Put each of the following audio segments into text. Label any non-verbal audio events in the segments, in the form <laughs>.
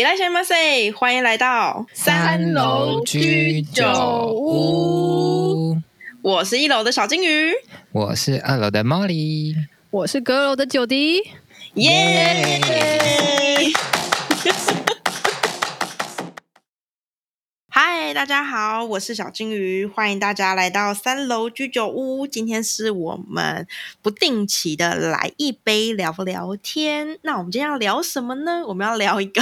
いらっしゃいませ！歡迎來到三樓居酒屋。我是一樓的小金魚，我是二樓的 Mori 我是閣樓的久迪，耶、yeah!！Hey, 大家好，我是小金魚，歡迎大家來到三樓居酒屋。今天是我們不定期的來一杯聊不聊天。那我們今天要聊什麼呢？我們要聊一個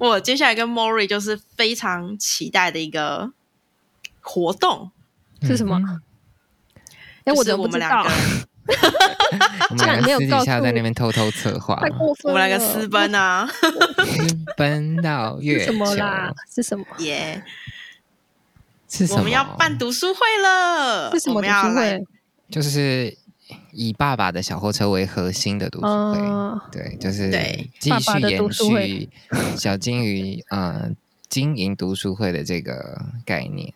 我接下來跟 Mori 就是非常期待的一個活動是什麼？哎、就是欸，我們不、啊、 <laughs> <laughs> 我們兩個私底下在那邊偷偷策劃，太過分了，我們兩個私奔啊， <laughs> 私奔到月球什麼啦？是什麼？耶、yeah.！我們要辦讀書會了，為什麼要來？就是以爸爸的小貨車為核心的讀書會，嗯、對，就是繼續延續小金魚，呃、 <laughs> 嗯，經營讀書會的這個概念。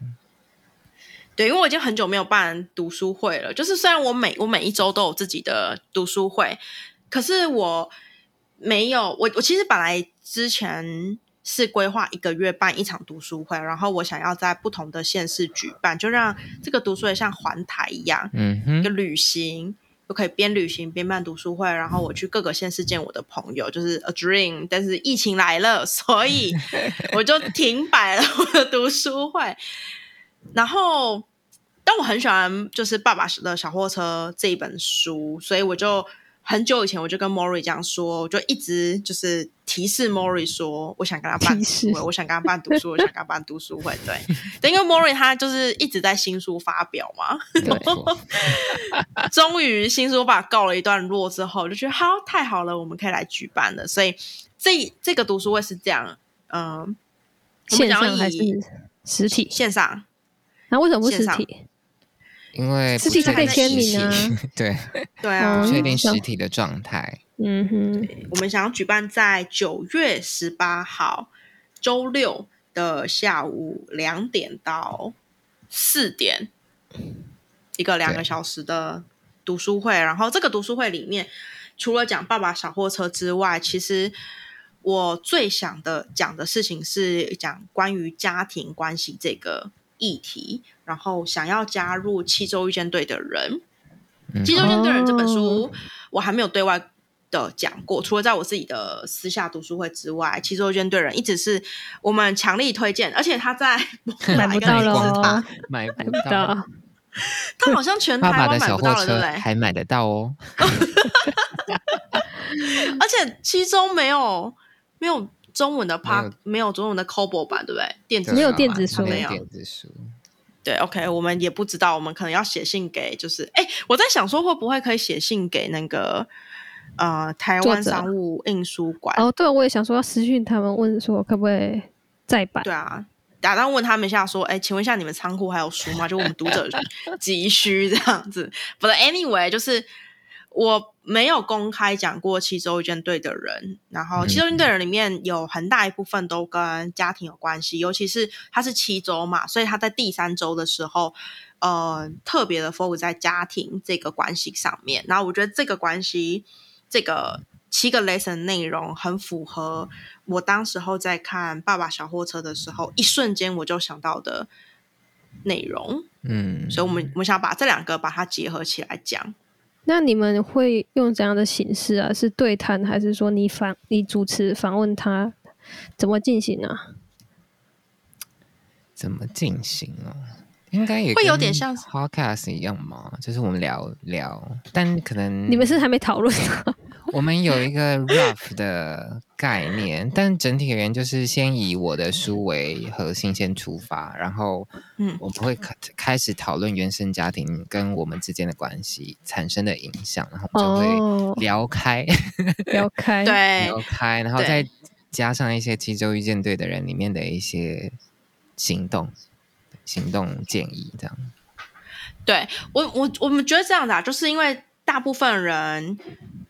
對，因為我已經很久沒有辦讀書會了，就是雖然我每我每一周都有自己的讀書會，可是我沒有，我我其實本來之前。是規劃一個月辦一場讀書會，然後我想要在不同的縣市舉辦，就讓這個讀書會像環台一樣，嗯哼，一個旅行，就可以邊旅行邊辦讀書會，然後我去各個縣市見我的朋友，就是 a dream。但是疫情來了，所以我就停擺了我的讀書會。 <laughs> 然後，但我很喜歡就是《爸爸的小貨車》這一本書，所以我就。很久以前我就跟 Mori 這樣說，我就一直就是提示 Mori 說，我想跟他辦讀書我想跟他辦讀書， <laughs> 我,想讀書 <laughs> 我想跟他辦讀書會。對，對因為 Mori 他就是一直在新書發表嘛，終於 <laughs> 新書把告了一段落之後，就覺得好太好了，我們可以來舉辦了。所以這這個讀書會是這樣，嗯、呃，線上還是實體線上，那、啊、為什麼不實體？因為實體可以簽名，對 <laughs> 對啊，確定實體的狀態。嗯哼，我們想要舉辦在九月十八號週六的下午兩點到四點，一個兩個小時的讀書會。然後這個讀書會裡面，除了講《爸爸小貨車》之外，其實我最想的講的事情是講關於家庭關係這個議題。然後想要加入七周遇見對的人，嗯《七周遇見對的人》這本書、哦、我還沒有對外的講過，除了在我自己的私下讀書會之外，《七周遇見對的人》一直是我們強力推薦，而且他在買,買不到了買不到, <laughs> 到，他好像全台灣買不到了對不對？爸爸的小貨車還買得到哦， <laughs> <laughs> 而且其中沒有沒有中文的帕，沒有中文的 Kobo 版，對不對？電子沒有電子書沒有,沒有電子書。對，OK，我們也不知道，我們可能要寫信給，就是，哎，我在想說會不會可以寫信給那個，呃，台灣商務印書館。哦，對，我也想說要私訊他們，問說可不可以再版。對啊，打探問他們一下，說，哎，請問一下你們倉庫還有書嗎？就我們讀者急需這樣子。 <laughs> But anyway，就是。我沒有公開講過七周遇見對的人，然後七周遇見對的人裡面有很大一部分都跟家庭有關係，尤其是他是七周嘛，所以他在第三周的時候，呃，特別的 focus 在家庭這個關係上面。然後我覺得這個關係，這個七個 lesson 內容很符合我當時候在看《爸爸小貨車》的時候，一瞬間我就想到的內容。嗯，所以我們我們想把這兩個把它結合起來講。那你們會用怎樣的形式啊？是對談，還是說你訪你主持訪問他？怎麼進行啊？怎麼進行啊？應該也會有點像 Podcast 一樣嘛，就是我們聊聊，但可能你們是還沒討論啊？ <laughs> <laughs> 我們有一個 rough 的概念，但整體而言，就是先以我的書為核心先出發，然後我不會開開始討論原生家庭跟我們之間的關係產生的影響，然後我們就會聊開、oh, <laughs> 聊開對聊開，然後再加上一些七周遇見對的人裡面的一些行動行動建議這樣。對，我我我們覺得這樣的、啊，就是因為。大部分人，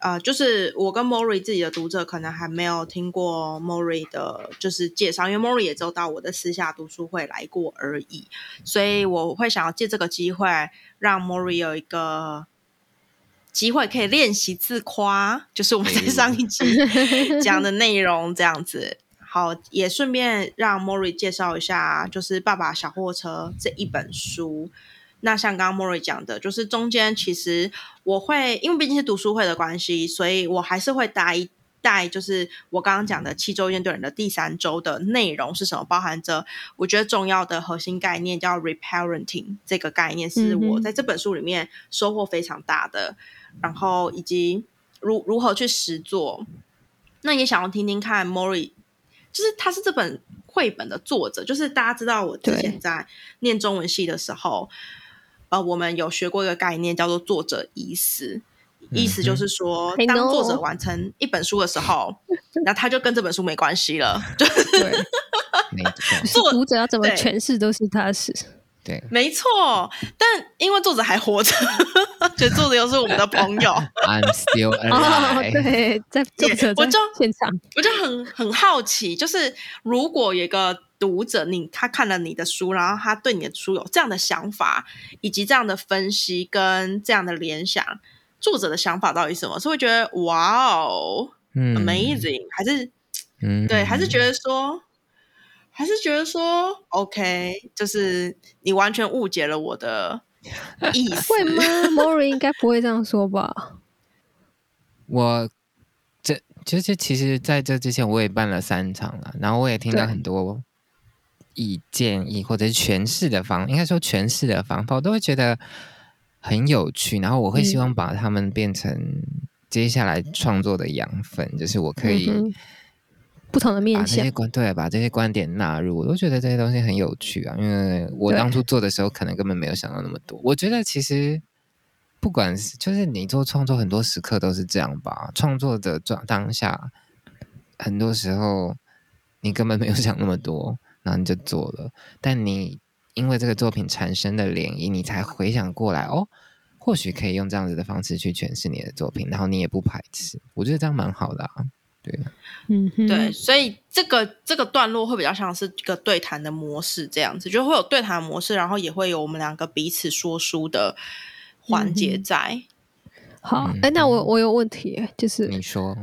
呃，就是我跟 Mori 自己的讀者可能還沒有聽過 Mori 的，就是介紹，因為 Mori 也只有到我的私下讀書會來過而已，所以我會想要借這個機會讓 Mori 有一個機會可以練習自誇，就是我們在上一集講的內容這樣子。好，也順便讓 Mori 介紹一下，就是《爸爸小貨車》這一本書。那像剛剛 Mori 講的，就是中間其實我會因為畢竟是讀書會的關係，所以我還是會帶一帶，帶就是我剛剛講的七週遇見對的人的第三周的內容是什麼，包含着我覺得重要的核心概念叫 reparenting 這個概念，是我在這本書裡面收穫非常大的，然、嗯、後以及如何如何去實作。那也想要聽聽看 Mori，就是他是這本繪本的作者，就是大家知道我之前在念中文系的時候。呃、我們有學過一個概念，叫做作者已死，意思就是說， <music> 當作者完成一本書的時候，那 <music> 他就跟這本書沒關係了。就是讀 <laughs> 者要怎麼詮釋都是他的事，對，沒錯。但因為作者還活着，所以作者又是我們的朋友。 <laughs> I'm still alive。Oh, oh, oh, 對，在，作者在現場，我就，我就很很好奇，就是如果有一個，讀者你，你他看了你的書，然後他對你的書有這樣的想法，以及這樣的分析跟這樣的聯想，作者的想法到底是什麼？是會覺得哇哦、嗯、，amazing，還是嗯，對，還是覺得說，嗯、還是覺得說，、嗯、覺得說，OK，就是你完全誤解了我的意思？ <laughs> 會嗎？Mori 應該不會這樣說吧？ <laughs> 我這就是，其實在這之前我也辦了三場了、啊，然後我也聽到很多。以建議或者是詮釋的方，應該說詮釋的方法，我都會覺得很有趣。然後我會希望把他們變成接下來創作的養分，嗯，就是我可以、嗯、不同的面向，啊，對，把這些觀點納入，我都覺得這些東西很有趣啊。因為我當初做的時候，可能根本沒有想到那麼多。我覺得其實不管是就是你做創作，很多時刻都是這樣吧。創作者當當下，很多時候你根本沒有想那麼多。然後你就做了，但你因為這個作品產生的漣漪，你才回想過來哦，或許可以用這樣子的方式去詮釋你的作品，然後你也不排斥，我覺得這樣蠻好的啊，對嗯，對，所以這個這個段落會比較像是一個對談的模式，這樣子就會有對談的模式，然後也會有我們兩個彼此說書的環節在、嗯。好，哎、嗯欸，那我我有問題，就是你說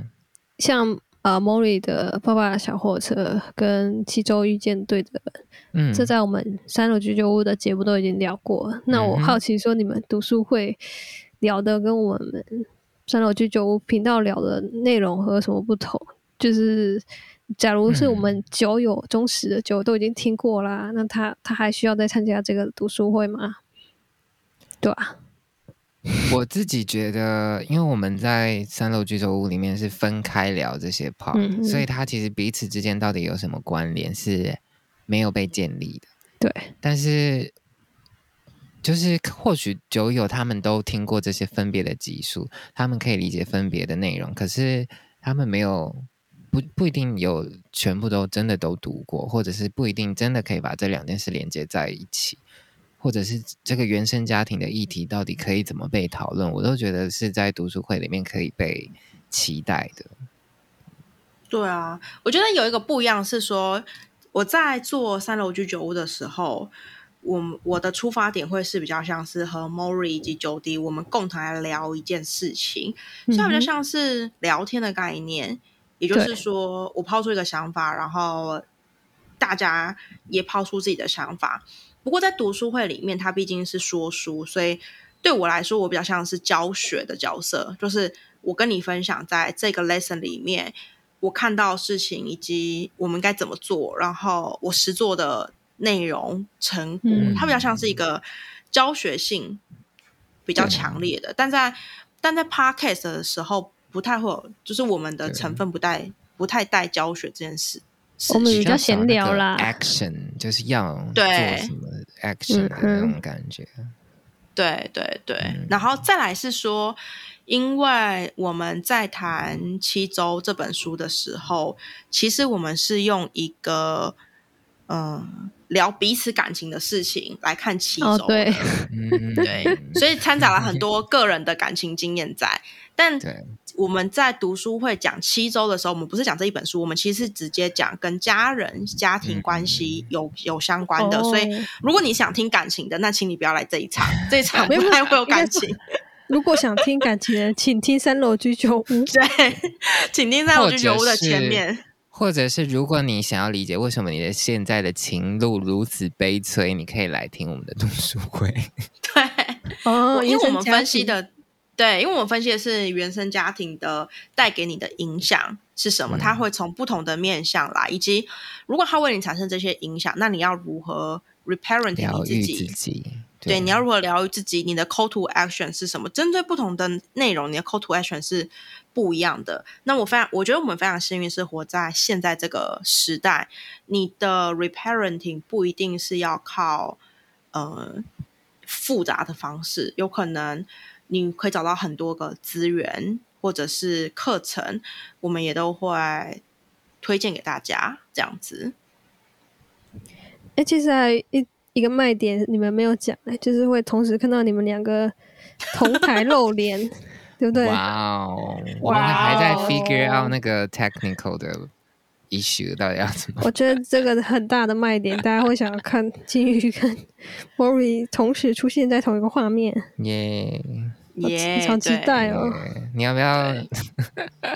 像。啊，Mori 的爸爸小貨車跟七周遇見對的人，嗯，這在我們三樓居酒屋的節目都已經聊過。嗯、那我好奇說，你們讀書會聊的跟我們三樓居酒屋頻道聊的內容和什麼不同？就是，假如是我們酒友忠實、嗯、的酒都已經聽過啦，那他他還需要再參加這個讀書會嗎？對吧、啊？ <laughs> 我自己覺得，因為我們在三樓居酒屋裡面是分開聊這些泡、嗯，所以他其實彼此之間到底有什麼關聯是沒有被建立的。對，但是就是或許酒友他們都聽過這些分別的集數，他們可以理解分別的內容，可是他們沒有不不一定有全部都真的都讀過，或者是不一定真的可以把這兩件事連接在一起。或者是這個原生家庭的議題到底可以怎麼被討論，我都覺得是在讀書會裡面可以被期待的。對啊，我覺得有一個不一樣是說，我在做三樓居酒屋的時候，我我的出發點會是比較像是和 Mori 以及久迪我們共同來聊一件事情，嗯，所以比較像是聊天的概念。也就是說，我拋出一個想法，然後大家也拋出自己的想法。不過在讀書會裡面，它畢竟是說書，所以對我來說，我比較像是教學的角色，就是我跟你分享在這個 lesson 裡面，我看到事情以及我們該怎麼做，然後我實做的內容成果，它比較像是一個教學性比較強烈的，但在但在 podcast 的時候，不太會有，就是我們的成分不帶不太帶教學這件事。Action, 我們比較閒聊啦，action 就是要做什麼 action 的那種感覺。對、嗯、對對，對、嗯，然後再來是說，因為我們在談《七週》這本書的時候，其實我們是用一個嗯、呃、聊彼此感情的事情來看七週《七週》的，對，對 <laughs> 所以摻雜了很多個人的感情經驗在， <laughs> 但。對我們在讀書會講七周的時候，我們不是講這一本書，我們其實是直接講跟家人、家庭關係有嗯嗯有，有相關的、哦。所以，如果你想聽感情的，那請你不要來這一場，這一場不太會有感情有。如果想聽感情的， <laughs> 請聽三樓居酒屋。對，請聽三樓居酒屋的前面。或者是，或者是如果你想要理解為什麼你的現在的情路如此悲催，你可以來聽我們的讀書會。對，哦， <laughs> 因為我們分析的。對，因為我分析的是原生家庭的帶給你的影響是什麼，他、嗯、會從不同的面向來，以及如果他為你產生這些影響，那你要如何 reparenting 你自己、自己對？對，你要如何療癒自己？你的 call to action 是什麼？針對不同的內容，你的 call to action 是不一樣的。那我非常，我覺得我們非常幸運，是活在現在這個時代，你的 reparenting 不一定是要靠呃複雜的方式，有可能。你可以找到很多個資源或者是課程，我們也都會推薦給大家，這樣子。哎、欸，其實還、啊、一一個賣點你們沒有講，哎，就是會同時看到你們兩個同台露臉， <laughs> 對不對？哇、wow, 哦、wow，我們還在 figure out 那個 technical 的 issue，到底要怎麼？我覺得這個很大的賣點， <laughs> 大家會想要看金魚跟 Mori 同時出現在同一個畫面。耶、yeah.。耶，超期待哦！你要不要這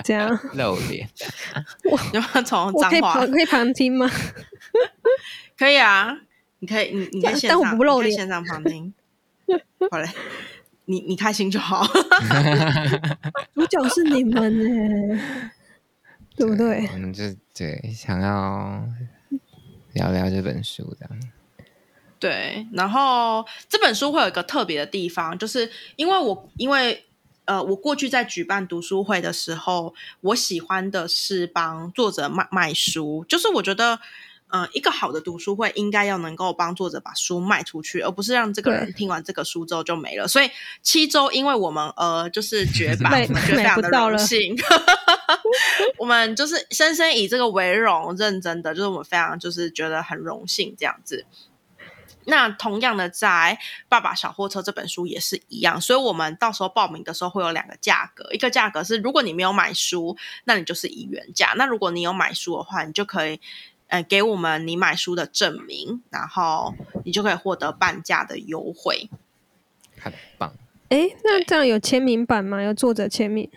<laughs> 怎樣 <laughs> 露臉？要不要從我可以可以旁聽嗎？ <laughs> 可以啊， <laughs> 你可以你你在線上，但我不露臉，現場旁聽。 <laughs> 好嘞，你你開心就好。 <laughs> <laughs> <laughs> 主角是你們呢， <laughs> 對不對？我們就對想要聊聊這本書這樣。對，然後這本書會有一個特別的地方，就是因為我因為呃，我過去在舉辦讀書會的時候，我喜歡的是幫作者賣賣書，就是我覺得嗯、呃，一個好的讀書會應該要能夠幫作者把書賣出去，而不是讓這個人聽完這個書之後就沒了。所以七周，因為我們呃，就是絕版，我們就非常的榮幸， <laughs> <laughs> 我們就是深深以這個為榮，認真的就是我們非常就是覺得很榮幸這樣子。那同樣的，在《爸爸小貨車》這本書也是一樣，所以我們到時候報名的時候會有兩個價格，一個價格是如果你沒有買書，那你就是以原價；那如果你有買書的話，你就可以，呃，給我們你買書的證明，然後你就可以獲得半價的優惠。很棒！哎，那這樣有簽名版嗎？有作者簽名。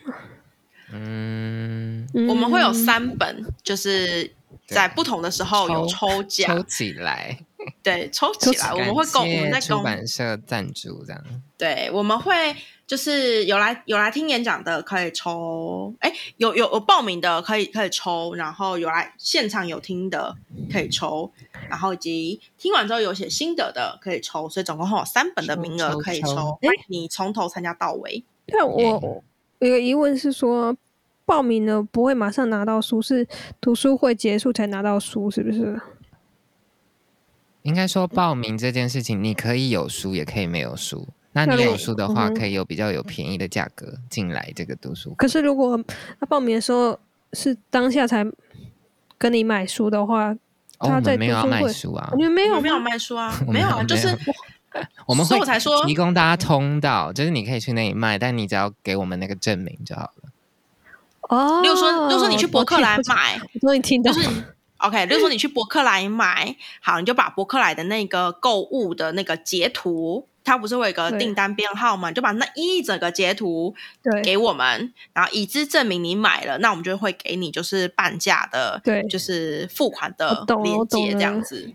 嗯，我們會有三本，就是在不同的時候有抽獎，抽起來。對，抽起來，我們會公，我們在出版社贊助這樣。對，我們會就是有來有來聽演講的可以抽，哎，有有有報名的可以可以抽，然後有來現場有聽的可以抽，嗯，然後以及聽完之後有寫心得的可以抽，所以總共會有三本的名額可以抽。哎，你從頭參加到尾。對，嗯，但我有一個疑問是說，報名呢不會馬上拿到書，是讀書會結束才拿到書，是不是？應該說，報名這件事情，你可以有書，也可以沒有書。那你有書的話，可以有比較有便宜的價格進來這個讀書。可是，如果他報名的時候是當下才跟你買書的話，我、哦、們在讀書會、哦、我們沒有、啊沒有啊、沒有賣書啊 <laughs> 沒有、就是，沒有，就是我說 <laughs> 我們會才說提供大家通道，就是你可以去那裡買，但你只要給我們那個證明就好了。哦，又說又說你去博客來買，我終於聽到了。就是 OK，如果說你去博客來買，嗯，好，你就把博客來的那個購物的那個截圖，它不是會有一個訂單編號嘛，就把那一整個截圖對給我們，然後以茲證明你買了，那我們就會給你就是半價的，對，就是付款的鏈接這樣子。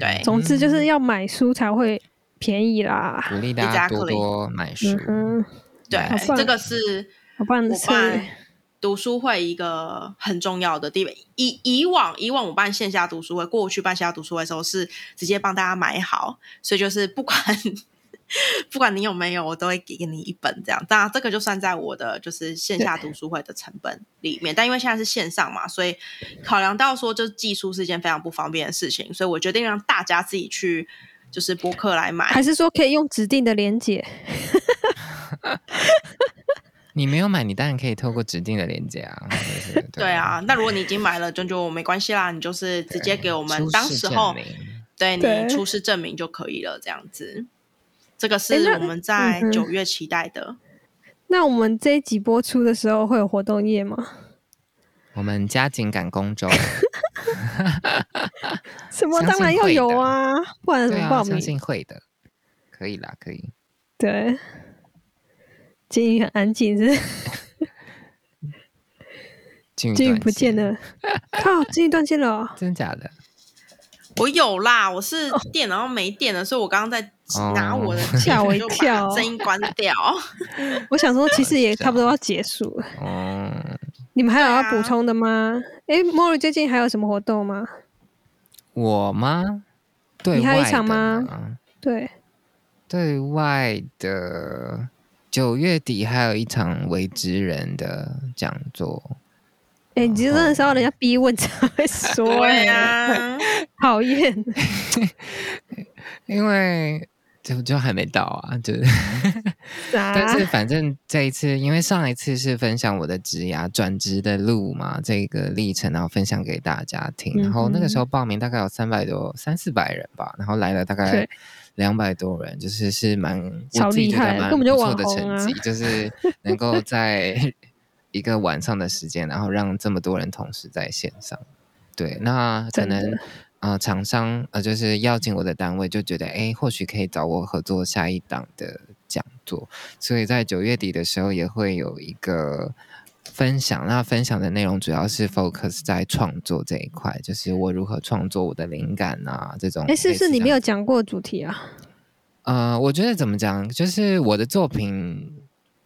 對，總之就是要買書才會便宜啦，鼓勵大家多多買書。嗯，嗯，對，這個是我你塊。讀書會一個很重要的地位，以以往以往我辦線下讀書會，過去辦線下讀書會的時候是直接幫大家買好，所以就是不管 <laughs> 不管你有沒有，我都會給你一本這樣。當然，這個就算在我的就是線下讀書會的成本裡面。但因為現在是線上嘛，所以考量，到說，就寄書是一件非常不方便的事情，所以我決定讓大家自己去就是博客來買，還是說可以用指定的連結？ <laughs> <laughs> 你沒有買，你當然可以透過指定的鏈接啊。就是、 <laughs> 對啊，Okay. 那如果你已經買了，就就沒關係啦，你就是直接給我們當時候對你出示證明就可以了。這樣子，這個是我們在九月期待的、欸那嗯嗯。那我們這一集播出的時候會有活動頁嗎，嗎？我們加緊趕工中。 <laughs> <laughs> 什麼？ <laughs> 當然要有啊，啊不然怎麼報名、啊、相信會的，可以啦，可以。對。久音很安靜，是不是？久 <laughs> 迪不見了啊！久迪斷線了，哦，真假的？我有啦，我是電，腦沒電了，哦，所以我剛剛在拿我的，嚇我一跳，聲、oh, 音關掉。 <laughs> 我想說，其實也差不多要結束了。哦， <laughs> 你們還有要補充的嗎？哎、啊，Mori 最近還有什麼活動嗎？我嗎？對嗎你還有一場嗎？對，對外的。九月底還有一場為職人的講座，哎、欸，你知道的時候人家逼問才會說呀、欸，啊、討厭。 <laughs> 因為就就還沒到啊，對不對？ <laughs> 但是反正這一次，因為上一次是分享我的職涯轉職的路嘛，這個歷程，然後分享給大家聽，嗯、然後那個時候報名大概有三百多、三四百人吧，然後來了大概，兩百多人，就是是蠻、嗯，我自己覺得蠻不錯的成績，就、啊、就是能夠在一個晚上的時間， <laughs> 然後讓這麼多人同時在線上。對，那可能啊、呃，廠商呃，就是邀請我的單位，就覺得哎，或許可以找我合作下一檔的講座。所以在九月底的時候，也會有一個。分享，那分享的內容主要是 focus 在創作這一塊，就是我如何創作，我的靈感啊這種這。哎、欸，是是你沒有講過主題啊？嗯、呃，我覺得怎麼講，就是我的作品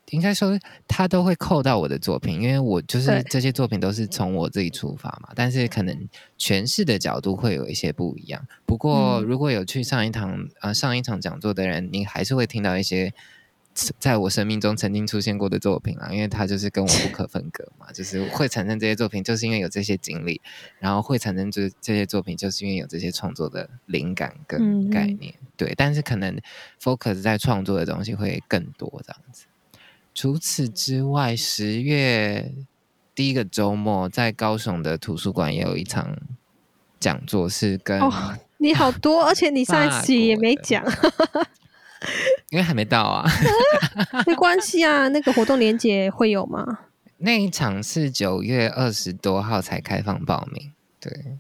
應該說，他都會扣到我的作品，因為我就是這些作品都是從我自己出發嘛。但是可能詮釋的角度會有一些不一樣。不過如果有去上一堂、呃、上一場講座的人，你還是會聽到一些。在我生命中曾經出現過的作品啊，因為他就是跟我不可分割嘛， <laughs> 就是會產生這些作品，就是因為有這些經歷，然後會產生這這些作品，就是因為有這些創作的靈感跟概念，嗯嗯，對。但是可能 focus 在創作的東西會更多這樣子。除此之外，十月第一個週末在高雄的圖書館也有一場講座，是跟、哦、你好多， <laughs> 而且你上一期也沒講。 <laughs> <laughs> 因為還沒到啊，啊，沒關係啊。 <laughs> 那個活動連結會有嗎？那一場是九月二十多號才開放報名，對。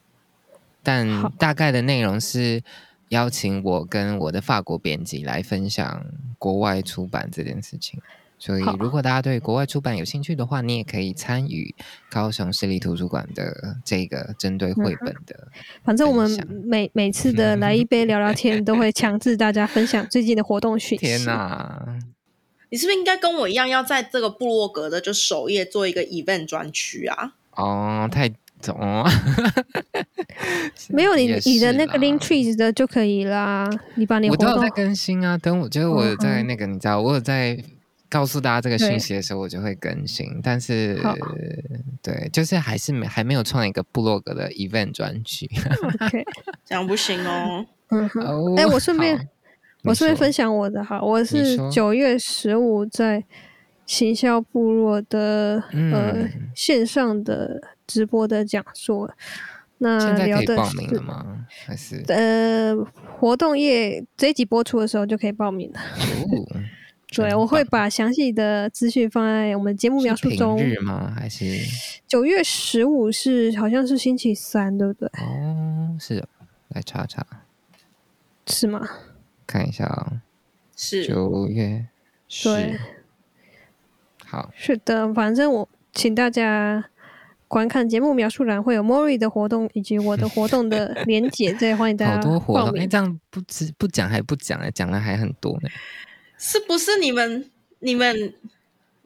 但大概的內容是邀請我跟我的法國編輯來分享國外出版這件事情。所以，如果大家對國外出版有興趣的話，oh. 你也可以參與高雄市立圖書館的這個針對繪本的、嗯。反正我們每每次的來一杯聊聊天，嗯、都會強制大家分享最近的活動訊息。 <laughs> 天哪、啊！你是不是應該跟我一樣，要在這個部落格的就首頁做一個 event 專區啊？哦、oh,，太怎麼？沒有你你的那個 link trees 的就可以啦。你把你活動的我都有在更新啊。等我，就是我在那個，你知道，oh, um. 我有在。告訴大家這個訊息的時候，我就會更新。但是，對，就是還是沒還沒有創一個部落格的 event 專區。Okay、 <laughs> 這樣不行哦。哎、 <laughs> 嗯 oh, 欸，我順便我順便分享我的哈，我是九月十五在行銷部落的呃線上的直播的講座，嗯。那現在可以報名了嗎？是還是呃活動頁，這一集播出的時候就可以報名了。哦 <laughs> 對，我會把詳細的資訊放在我們節目描述中。是平日嗎？還是九月十五是好像是星期三，對不對？哦，是哦，來查查，是嗎？看一下、哦，是九月十，好，是的，反正我請大家觀看節目描述欄會有 Mori 的活動以及我的活動的連結， <laughs> 再歡迎大家。好多活動，哎、欸，這樣不不講還不講哎，講了還很多呢。是不是你們、你們、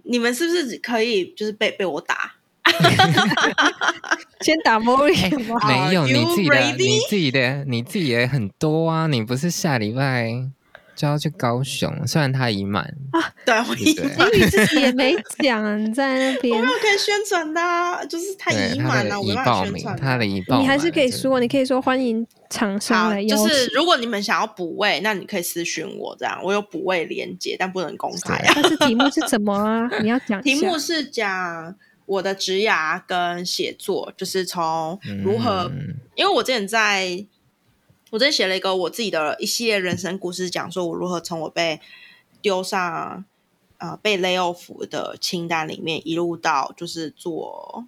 你們是不是可以就是被被我打？ <laughs> <laughs> <laughs> 先打 Mori 沒有你自，、ready? 你自己的、你自己的、你自己也很多啊！你不是下禮拜。就要去高雄，雖然他已滿啊，對，對我已滿，因為你自己也沒講 <laughs> 在那邊。我沒有可以宣傳的、啊，就是他已滿了，我沒要宣傳。他的一半。你還是可以說，你可以說歡迎長沙，就是如果你們想要補位，那你可以私訊我，這樣我有補位鏈接，但不能公開、啊。 <laughs> 但是題目是什麼啊？你要講。題目是講我的職涯跟寫作，就是從如何、嗯，因為我之前在。我之前寫了一個我自己的一系列人生故事，講說我如何從我被丟上啊、呃、被 lay off 的清單裡面，一路到就是做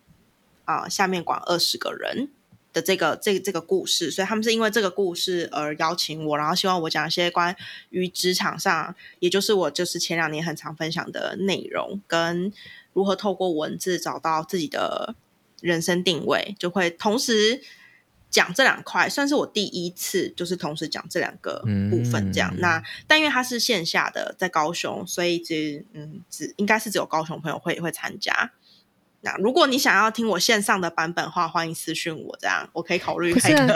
啊、呃、下面管二十個人的這個這個、這個故事。所以他們是因為這個故事而邀請我，然後希望我講一些關於職場上，也就是我就是前兩年很常分享的內容，跟如何透過文字找到自己的人生定位，就會同時。講這兩塊算是我第一次，就是同時講這兩個部分這樣。嗯、那但因為它是線下的，在高雄，所以嗯只嗯只應該是只有高雄朋友會會參加。那如果你想要聽我線上的版本的話，歡迎私訊我這樣，我可以考慮開一個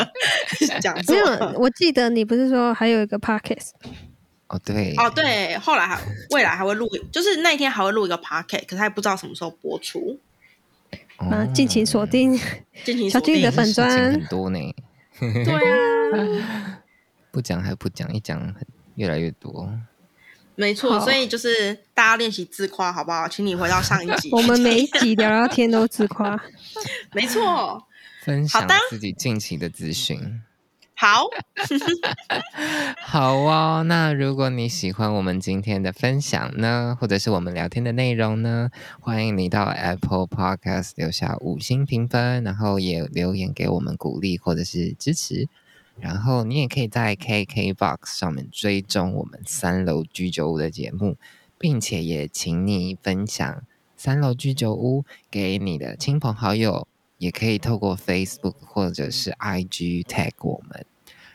這樣。沒有，我記得你不是說還有一個 podcast？、Oh, 哦對哦對，後來還未來還會錄，就是那一天還會錄一個 podcast，可是還不知道什麼時候播出。哦啊、近鎖嗯，盡情鎖定，鎖定的粉專多呢、欸。對啊， <laughs> 不講還不講，一講越來越多。沒錯，所以就是大家練習自誇好不好？請你回到上一集， <laughs> 我們每一集聊聊天都自誇。 <laughs> 沒錯，分享自己近期的資訊。好， <laughs> <laughs> 好哦。那如果你喜歡我們今天的分享呢，或者是我們聊天的內容呢，歡迎你到 Apple Podcast 留下五星評分，然後也留言給我們鼓勵或者是支持。然後你也可以在 KKBOX 上面追蹤我們三樓居酒屋的節目，並且也請你分享三樓居酒屋給你的親朋好友，也可以透過 Facebook 或者是 IG tag 我們。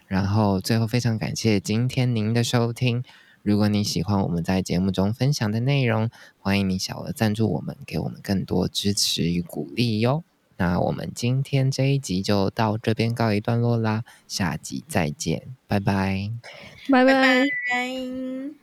然後，最後非常感謝今天您的收聽。如果你喜歡我們在節目中分享的內容，歡迎你小額贊助我們，給我們更多支持與鼓勵喲。那我們今天這一集就到這邊告一段落啦，下集再見，拜拜，拜拜，拜拜。